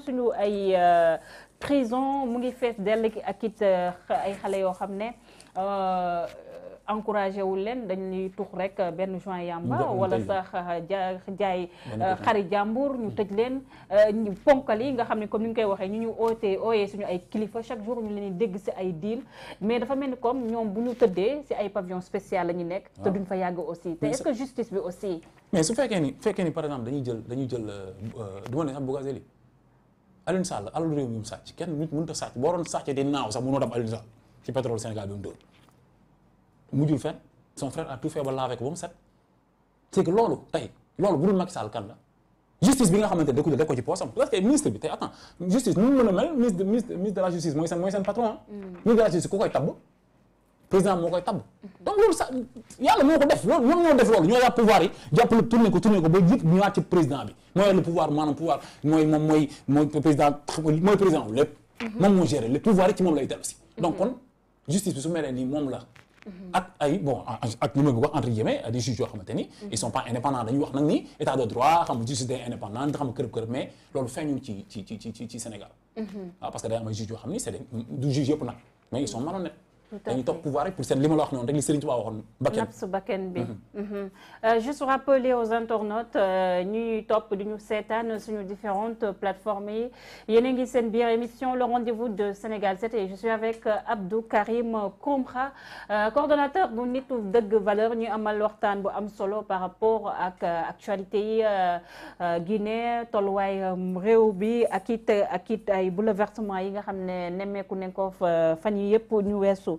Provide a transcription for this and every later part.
surtout suñu ay euh, prison mu ngi fees dell ak it euh, ay xale yoo xam ne euh, encouragé wu leen dañuy tux rek benn joint yamba wala sax ja jaay xari jàmbur ñu tëj leen ñu ponkal yi nga xam ne comme ni ñu koy waxee ñu ñu ootee ooyee suñu ay kilifa chaque jour ñu leen dégg si ay deal mais dafa mel ni comme ñoom bu ñu tëddee si ay pavillon spécial la ñu nekk te ah. duñ fa yàgg aussi te est que justice bi aussi mais su fekkee ni fekkee ni par exemple dañuy jël dañuy jël du ma ne sax Bougazelli Alioune Sall alalu réew mi mu sàcc kenn nit mënut a sàcc boo doon sàcc di naaw sax mënoo dab Alioune Sall ci pétrole Sénégal bi mu dóor mujjul fenn son frère a tout fait ba laafee ko ba mu set c'est que loolu tey loolu bu dul Macky Sall kan la justice bi nga xamante da ko def ko ci poosam parce que ministre bi tey attends justice mu mën a mel ministre ministre de la justice mooy seen patron ah. mm. ministre de la justice ku koy tabb. président moo koy tabb donc loolu sax yàlla moo ko def loolu ñoom pouvoir yi jàppale tourné ko tourné ko ba yëpp ñëwaat ci président bi moo yor le pouvoir maanaam pouvoir mooy mooy président mooy président wu mhm. moom moo géré le pouvoir yi ci moom lay dellu si mhm. donc kon justice bi su meree nii moom la mhm. ak ay bon ak li ma ko wax entre guillemets des juges yoo xamante ni ils sont pas indépendants dañuy wax nag ni état de droit xam justice day indépendante xam kërëb dañu toog pouvoir pour seen li ma la wax noonu rek li Serigne Touba waxoon bakken napsu bakken bi mhm. Mhm. Euh, juste rappeler aux internautes euh, ñuy topp di ñu seetaan suñu différentes plateformes yi yéen a ngi seen biir émission le rendez-vous de Sénégal 7 et je suis avec euh, Abdou Karim Koumra coordonnateur bu Nitu Dëgg Valeurs ñu amal waxtaan bu am solo par rapport ak actualité yi Guinée réew bi ak it ay bouleversement yi nga xam ne nemmeeku nañ ko fan yi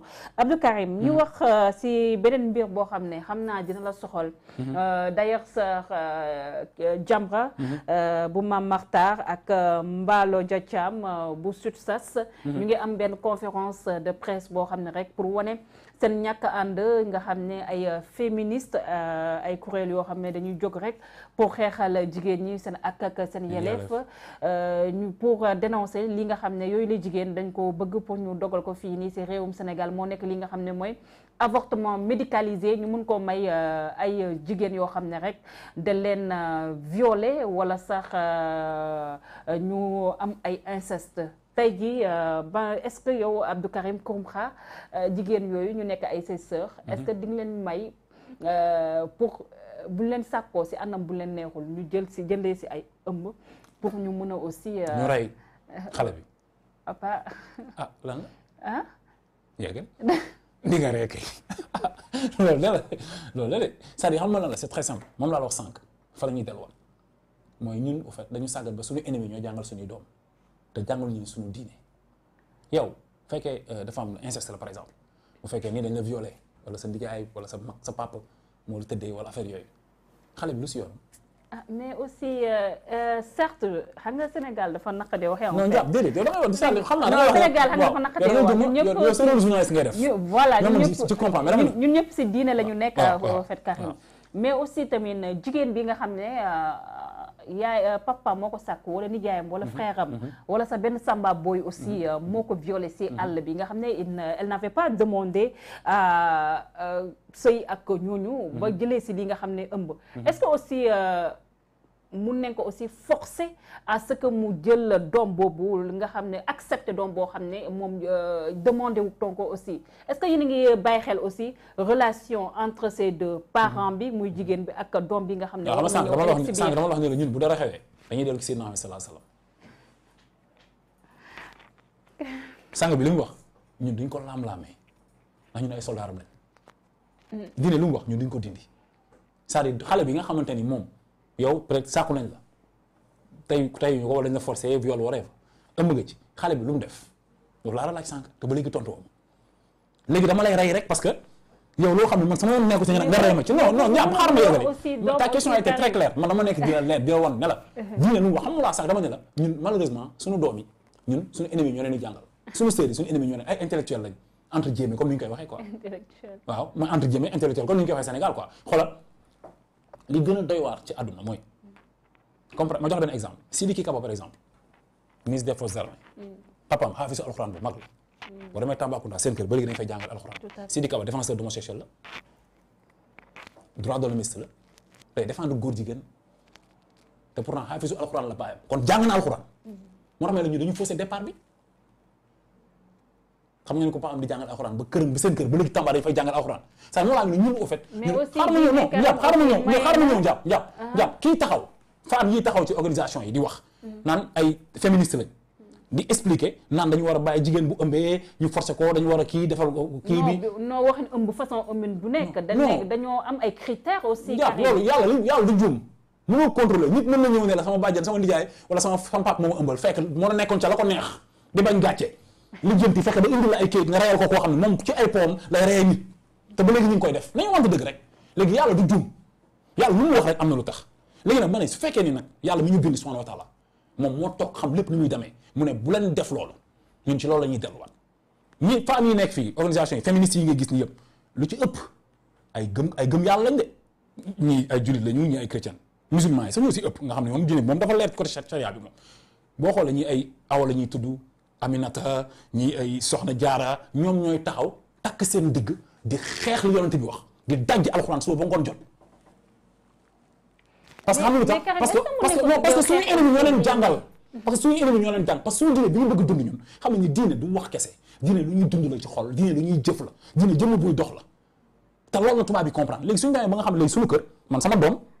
noonu Abdou Karim ñu hmm. wax euh, si beneen mbir boo xam ne xam naa dina la soxal hmm. euh, d'ailleurs sax euh, Jamra hmm. bu Mame Makhtar ak Mballo Dia Thiam bu SUTSAS ñu ngi am benn conférence de presse boo xam ne rek pour wane seen ñàkk ànd nga xam ne ay euh, féministe euh, ay kuréel yoo xam ne dañuy jóg rek pour xeexal jigéen ñi seen ak ak seen yeleef euh, ñu pour dénoncer li nga xam ne yooyu la jigéen dañ ko bëgg pour ñu dogal ko fii nii si réewum Sénégal moo nekk li nga xam ne mooy avortement médicaliser ñu mun ko may ay jigéen yoo xam ne rek da leen violer wala sax ñu am ay inceste tey jii euh, ba est yow Abdou Karim xrum euh, jigéen yooyu ñu nekk ay ses mhm. di nga leen may euh, pour bu leen sàkkoo si anam bu leen neexul ñu jël si jëndee si ay ëmb pour ñu mën a aussi. ñu rey bi. papa. ah lan la. ah. xam nga lan la c'est très simple moom laa la wax sànq fa la delluwaat mooy ñun au fait dañu sàggal ba suñu ennemi ñoo jàngal suñuy doom. te jàngal ñu suñu diine yow bu fekkee euh, dafa am inceste la par exemple bu fekkee nii dañ la violé wala sa ndijaay wala sa mag sa papa moo la tëddee wala affaire yooyu xale bi lu si yoon. ah mais aussi euh, euh, certes xam nga Sénégal dafa naqadee waxee. non da ngay wax xam naa da ngay wax Sénégal xam nga dafa naqadee wax ñun ñëpp yow seen journaliste ngay def. voilà ñun ñëpp ci comprendre mais mais aussi tamit jigéen bi nga xam ne. yaay euh, papa moo ko sàkk wala nijaayam wala mhm. frère am mhm. wala sa benn samba booy aussi mhm. euh, moo ko violé si àll bi nga xam ne euh, elle n'avait pas demandé sëy ak ñooñu ba jëlee si li nga xam ne ëmb est que aussi mu nekk ko aussi forcer à ce que mu jël doom boobu nga xam ne accepter doom boo xam ne moom euh, demandé wu ko aussi est-ce que yéen a ngi bàyyi xel aussi relation entre ces deux parents bi muy jigéen bi ak doom bi nga xam ne. waaw xam nga sànq dama la wax ne ñun bu dara xewee dañuy dellu ci Seydina Muhammad sallallahu alayhi wasallam. sànq bi li mu wax ñun duñ ko laam-laamee ndax ñun ay soldaaram lañ. Mm. dina li mu wax ñun duñ ko dindi cest à xale bi nga xamante ni moom. yow peut être sàkku nañ la tey tey ñu ko wala dañ la forcé viol nga ci xale lu mu def loolu laa la laaj sànq te ba léegi tontu woon léegi dama lay rey rek parce que yow loo xam ne man sama yoon si nga rey ma ci non non ñaam xaaral ma yëgale ta question ne la diine nu wax xam laa dama ne la ñun malheureusement suñu doom yi ñun suñu ennemi ñoo leen di jàngal suñu sœur yi suñu ennemi ñoo leen ay intellectuel lañ entre guillemets comme ni ñu koy waxee quoi waaw ma entre guillemets intellectuel comme ni li gën a doy waar ci àdduna mooy comprendre ma jox benn exemple Sidiki Kaba par exemple ministre des forces armées mm. papaam xaafisu alxuraan bu mag la mm. boo demee Tambacounda seen kër ba léegi dañ fay jàngal alxuraan Sidiki Kaba défenseur d'homosexuel la droit de l'hommiste la day défendre góor jigéen te pourtant xaafisu alxuraan la baayam kon jàng na alxuraan mm. moo tax ma la ñu dañu faussé départ bi xam ngeen ko pa am di jàngal alxuraan ba këram ba seen kër ba léegi Tamba dañu fay jàngal alxuraan ça moo laa ne ñun au fait xaaral ma taxaw femme yi taxaw ci organisation yi di wax mm. naan ay féministe lañ di expliquer naan dañu war a bàyyi jigéen bu ëmbee ñu forcé ko dañu war kii defal ko kii bi non waxin ëmb façon ëmbin bu nekk dañoo am ay critères aussi njàpp loolu yàlla lu yàlla du juum mënoo contrôler nit mën na ñëw ne la sama bàjjen sama nijaay wala sama sama pap moo ma ëmbal fekk moo nekkoon ca la ko neex di bañ gàcce lijjanti fexe ba indi la ay kayit nga reyal ko koo xam ne moom ci ay poom lay reyee nit te ba léegi ñu rek léegi yàlla du juum yàlla lu mu wax rek am na lu tax léegi nag ma ne su fekkee ni nag yàlla mi ñu bind subhanahu wa taala moom moo toog xam lépp ni muy demee mu ne bu leen def loolu ñun ci loolu la ñuy delluwaat ñi femmes yi nekk fii organisation yi féministes yi ngay gis ni yëpp lu ci ëpp ay gëm ay gëm yàlla lañ de ñii ay julit lañu ñii ay chrétien musulman yi sax ñoo si ëpp nga xam ne moom diine moom dafa leer côté charia bi moom boo xoolee ñii ay awa la ñuy tudd Aminata ñi ay Soxna Jaara ñoom ñooy taxaw takk seen digg di xeex li yonent bi wax di dajj alxuraan suba ba ngoon jot. parce que xam nga lu tax parce que parce que non jàngal. parce que suñu ennemi ñoo leen jàng bi ñu bëgg dund ñun xam nañu diine du wax kese diine lu ñuy dund la ci xol diine lu ñuy jëf la diine jëmm buy dox la te loolu la tubaab bi comprendre léegi suñu daanee ba nga xam ne léegi kër man sama doom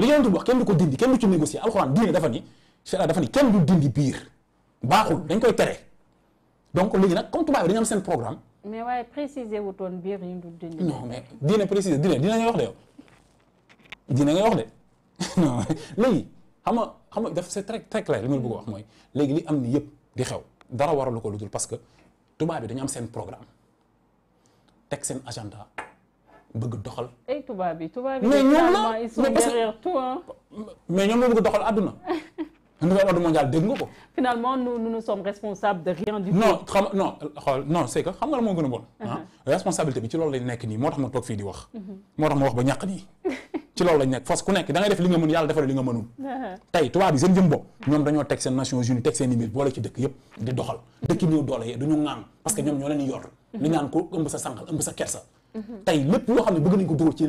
li yonent bi wax kenn du ko dindi kenn dafa ni sharia dafa ni kenn du dindi baaxul dañ koy tere donc léegi nag comme tubaab yi seen programme. mais waaye préciser wutoon biir yi ñu dul dindi. non mais diine préciser diine diine wax de yow diine ngay wax de léegi xam nga xam nga daf c'est très très clair li ma la bëgg a wax mooy léegi li am ni yëpp di xew dara waralu ko lu dul parce que tubaab yi dañu am seen programme teg seen agenda. bëgg doxal. ay eh, tubaab yi tubaab yi. mais ñoom la ils sont nga ko. finalement nous nous ne sommes responsables xool non c'est nga la moo gën a uh-huh. ah, ci loolu nekk nii moo tax ma toog fii di wax. Uh-huh. moo wax ba ñàkk nii. ci loolu lañ nekk fas ku nekk da ngay def li nga mën yàlla defal li nga mënul. Uh-huh. tey seen jëm bopp. dañoo teg seen Nations Unies teg seen i mbir ci dëkk yëpp di doxal. dëkk néew doole yee du ñu ŋaan parce que ñoom ñoo leen yor. li ñaan ko ëmb sa sànqal ëmb sa kersa Mhm. tey lépp loo xam ne bëgg nañ ko dugal ci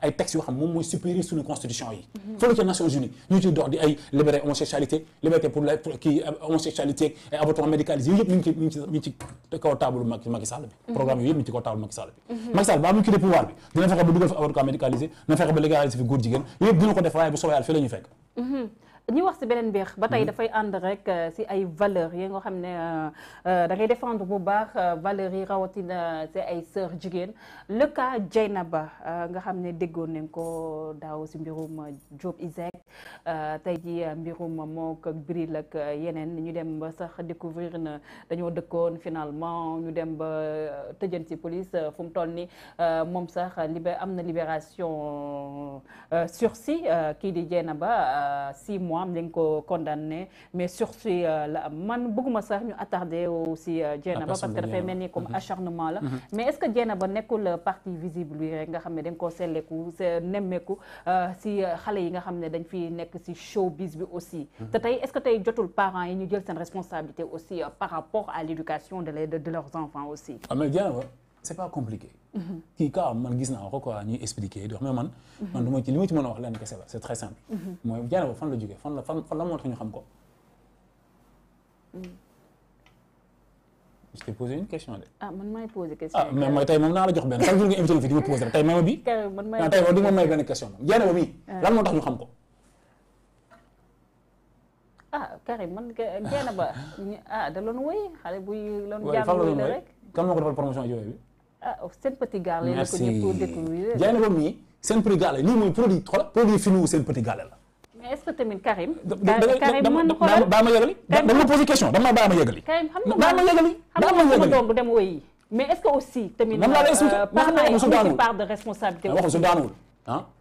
ay textes yoo xam moom mooy supérieur suñu constitution yi mhm. fële ca Nations Unies ñu ciy dox di ay libéré homosexualité liberté pour la kii euh, homosexualité ay yëpp mi ci mi ci mi ngi ci bi mhm. programme ci kaw table Macky Sall bi Macky Sall ba mu quitté pouvoir bi dina fexe ba dugal fi fi góor jigéen yooyu yëpp dina ko def waaye bu soobee yàlla fi la fekk ñu wax si beneen mbir ba tey mm-hmm. dafay ànd rek si euh, ay valeurs yi nga xam ne euh, euh, dangay ngay bu baax valeurs yi rawatina si ay sœur jigéen le cas ba nga xam ne déggoon nañ ko daaw si mbirum Job Isaac tey ji mbirum mook ak Bril ak yeneen ñu dem ba sax découvrir na dañoo dëkkoon finalement ñu dem ba tëjan si police fu mu toll ni moom sax am na libération sursis kii di Dieynaba six mois mois am lañ ko condamné mais surtout euh, la am man bëgguma sax ñu attardé aussi euh, Dieynaba parce que dafay mel ni comme mhm. acharnement la mhm. mais est-ce que ba nekkul euh, partie visible bi rek nga xam ne dañ koo selleeku nemmeeku si xale yi nga xam ne dañ fi nekk si showbiz bi aussi mhm. te tey est-ce que tey jotul parents yi ñu jël seen responsabilité aussi par rapport à l'éducation de de leurs enfants aussi ah, c' est pas compliqué. Mhm. kii ka man gis naa ko quoi ñuy expliquer di wax mais man. Mhm. man du ma ci li ma a la c' est mhm. la jógee fan la xam ko. je t'ai posé une question de. ah, ah tey moom naa la jox benn chaque jour nga invité ma fi di ma posé tey may ma bi. kay man maay tey ma may benn question moom jànaba bi. Ah. lan moo tax ñu xam ko. ah Karim man jànaba ah da loon woy xale buy loon jàng rek. kan moo ko bi. ah oh, seen petit gàllé la ko ñëpp découvrir. jaay na ko mii seen petit gàllé lii mooy produit xoolal produit fini wu seen petit gàllé la. mais est-ce que tamit Karim. Karim mën xoolal daa ma yëgali. da ma posé question dama baa ma yëgali. Karim xam nga ma yëgali. daa ma yëgali doom bu dem wéy yi mais est-ce que aussi. tamit. nan laa lay expliqué ma xam ne su daanul part de responsabilité. waxu su daanul ah.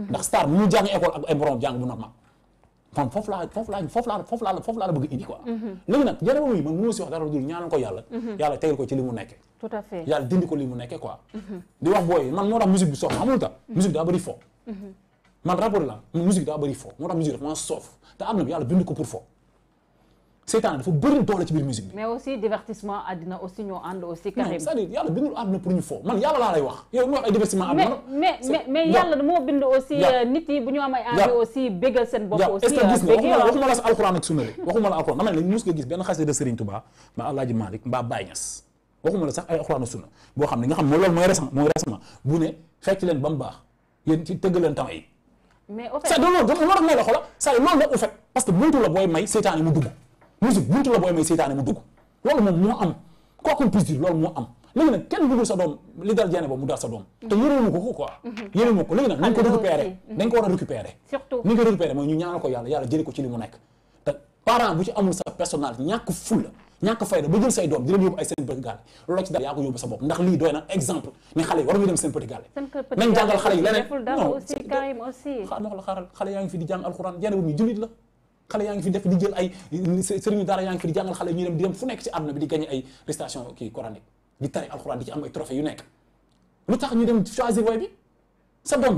Mhm. ndax star mu jàng école ak a borom jàng bu normal kon foofu laa foofu laa foofu laa foofu laa foofu laa la bëgg indi quoi mhm. léegi nag jarabam yi man mënoo si wax dara dul ñaanal ko yàlla mhm. yàlla tegal ko ci li mu nekke tout dindi ko li mu nekke quoi di wax booy man moo tax musique bi soof xamul tax musique daa fo man rapport la musique daa bëri fo moo tax musique dafa maa soof te am na yàlla bind ko pour fo seytaan dafa bëri doole ci biir musique bi. mais aussi divertissement àddina aussi ñoo ànd aussi. carrément non cest bindul àddina pour ñu fo man yàlla laa lay wax. yow mi wax ay divertissement am. mais mais yàlla moo bind aussi. nit gis nga waxuma la sa alxuraan ak sunna de waxuma la mbaa Alaaji Malick waxuma la sax ay alxuraan sunna boo xam ne nga xam ne loolu mooy récent mooy bu ne fekk leen ba mu baax yéen ci tëgg leen temps yi mais au loolu moo tax may la xoola musique buntu la booy may seytaane mu dugg loolu moom moo am quoi qu'on puisse dire loolu moo am léegi nag kenn bëggul sa doom li dal jeene ba mu dal sa doom te yéreemu ko mhm. ko ni nga mhm. récupérer mooy ñu ko yàlla yàlla jëli ko ci li mu nekk te parent bu ci amul sa personnalité ñàkk fulla ñàkk fayda ba jël say doom di leen ay seen petit gàlle loolu ci dal yaa ko yóbbu sa bopp ndax lii doy na exemple ne xale yi war ñu dem seen petit nañ jàngal xale yi leneen non xaaral la xale yaa ngi fi def di jël ay sëriñu daara yaa ngi fi di jàngal xale ñuy dem di dem fu nekk ci àdduna bi di gagné ay récitation kii coranique di tari alxuraan di ci am ay trophée yu nekk lu tax ñu dem choisir way ko comme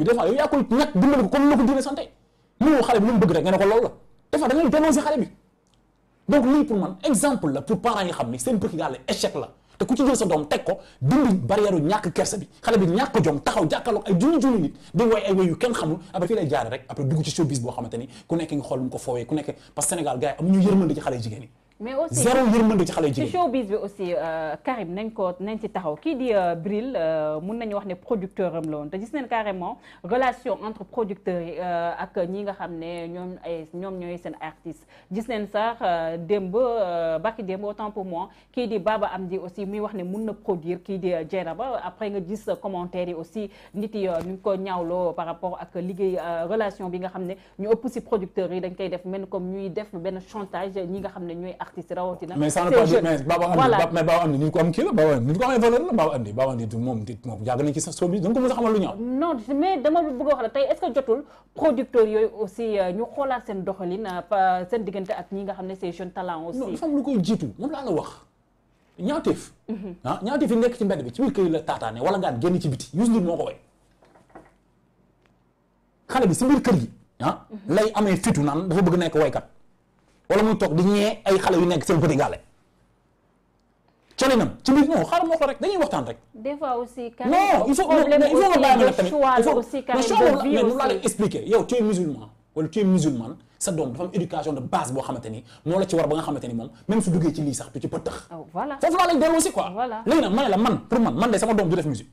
bi lu bëgg rek nga ne ko loolu la des fois da ngay dénoncer xale bi donc lii pour man exemple la pour parents yi xam ni seen petit gars la échec la te ku ci jël sa teg ko dindi barrière ñàkk kersa bi xale bi ñàkk jom taxaw jàkkaarloog ay junni junni nit di woy ay woy yu kenn xamul après fii lay rek après dugg ci showbiz boo xamante ni ku nekk nga xool mu ko foowee ku nekk parce que Sénégal gars yi amuñu yërmande ci xale jigéen yi mais aussi zéro yërmande ci xale jigéen ci showbiz bi aussi euh, Karim nañ ko nañ ci taxaw kii di euh, Bril euh, mun nañu wax ne producteur am la woon te gis neen carrément relation entre producteurs yi ak ñi nga xam ne ñoom ay ñoom ñooy seen artiste gis neen sax démb baki démb autant pour moi kii di Baba Amdi aussi muy wax ne mun na produire kii di ba après nga gis commentaire yi aussi nit yi ñu ngi ko ñaawloo par rapport ak liggéey relation bi nga xam ne ñu ëpp si producteurs yi dañ koy def mel comme ñuy def benn chantage ñi nga xam ne ñooy artiste rawatina. mais ça ne pas dire mais Baba Hamdy mais Baba Hamdy ni ñu ko am kii la Baba Hamdy ni ñu ko amee valeur la Baba Hamdy Baba Hamdy du moom dit moom yàgg nañ ci sa sobi da nga ko mën a xamal lu ñaaw non mais dama bëgg a wax la tey est-ce que jotul producteurs yooyu aussi euh, ñu xoolaat seen doxalin euh, seen diggante ak ñi nga xam ne ces jeunes talents aussi non dafa am lu koy jiitu moom laa la wax ñaawteef mhm. ah ñaawteef yi nekk ci mbedd bi ci biir kër la taataane wala ngaan génn ci biti Youssou Ndour moo ko way xale bi si biir kër gi ah mhm. lay amee fitu naan dafa bëgg nekk waykat wala mu toog di ñee ay xale yu nekk seen petit gàlle colinam ci mbir non xaaral moo ko rek dañuy waxtaan rek. des fois aussi. non il faut laa lay expliquer yow tu musulman wala tu musulman sa doom dafa am éducation de base boo xamante ni moo la ci war ba nga xamante ni moom même su duggee ci lii sax du ci pëttax. Ah, voilà foofu laa lay dellu aussi quoi. voilà léegi nag la man pour man man de sama doom du def musique.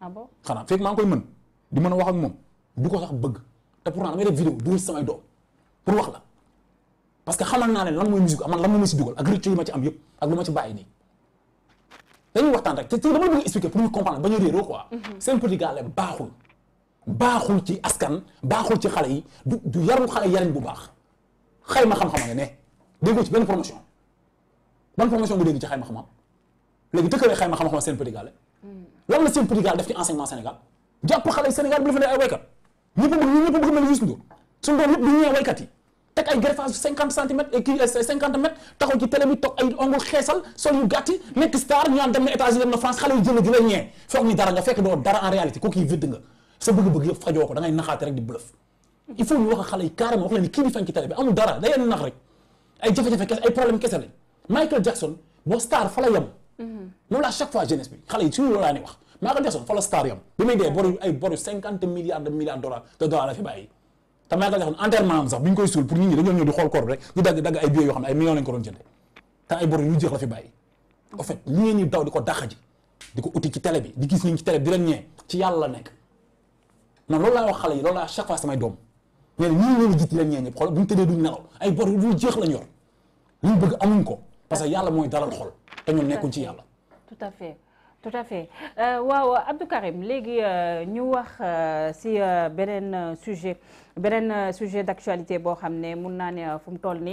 ah bon xanaa fekk koy mën di mën wax ak moom du ko sax bëgg te pourtant damay def vidéo dugal samay doom pour la parce que xamal naa leen lan mooy musique man lan moo ma si dugal ak rëcc yu ma ci am yëpp ak lu ma ci bàyyi nii dañuy waxtaan rek te dama la bëgg expliquer pour ñu comprendre ba ñu réeroo quoi. Mhm. seen petit gars baaxul. baaxul ci askan baaxul ci xale yi du du yarul xale yariñ bu baax xayma xam-xam nga ne déggoo ci benn promotion ban promotion bu ci xayma xam-xam léegi dëkkalee xayma xam-xam seen petit gars la. Mm. lan la seen petit gars def ci enseignement Sénégal jàpp xale yi Sénégal bu defee ay waykat ñëpp bëgg ñëpp bëgg mel ni Youssou Ndour suñu doom waykat yi teg ay greffage cinquante centimètres kii euh, cinquante mètres taxaw ci télé ay ongul xeesal sol yu gàtti nekk star ñu naan dem na États-Unis dem France xale yu jël di la foog ni dara nga fekk doo dara en réalité kooku yi vëdd nga sa bëgg-bëgg yëpp fajoo ko da ngay di bluff il faut ñu wax a xale yi carrément wax leen ni kii di fen ci télé bi amul dara day leen nax rek ay jafe-jafe kese ay problème kese lañ Michael Jackson boo star fa la yem mm-hmm. loolu à fois jeunesse te maa ngi lay wax enterrement am sax bi ñu koy suul pour nit ñi dañoo ñëw di xool corps rek dagg dagg ay billets yoo xam ne ay millions lañ ko doon jënde te ay bor yu jeex ko dàq bi gis ñu ci télé yàlla la nekk non loolu laa wax xale yi loolu laa chaque fois samay doom nee na ñii ñoo la gis di duñ nelaw ay bor yu jeex lañ yor liñ bëgg amuñ ko parce que yàlla mooy dalal xol te ñun nekkuñ ci yàlla tout à fait tout à fait euh, waaw Abdou Karim léegi euh, ñu wax euh, si beneen sujet beneen euh, sujet d'actualité boo xam ne mun naa ne euh, fu mu toll nii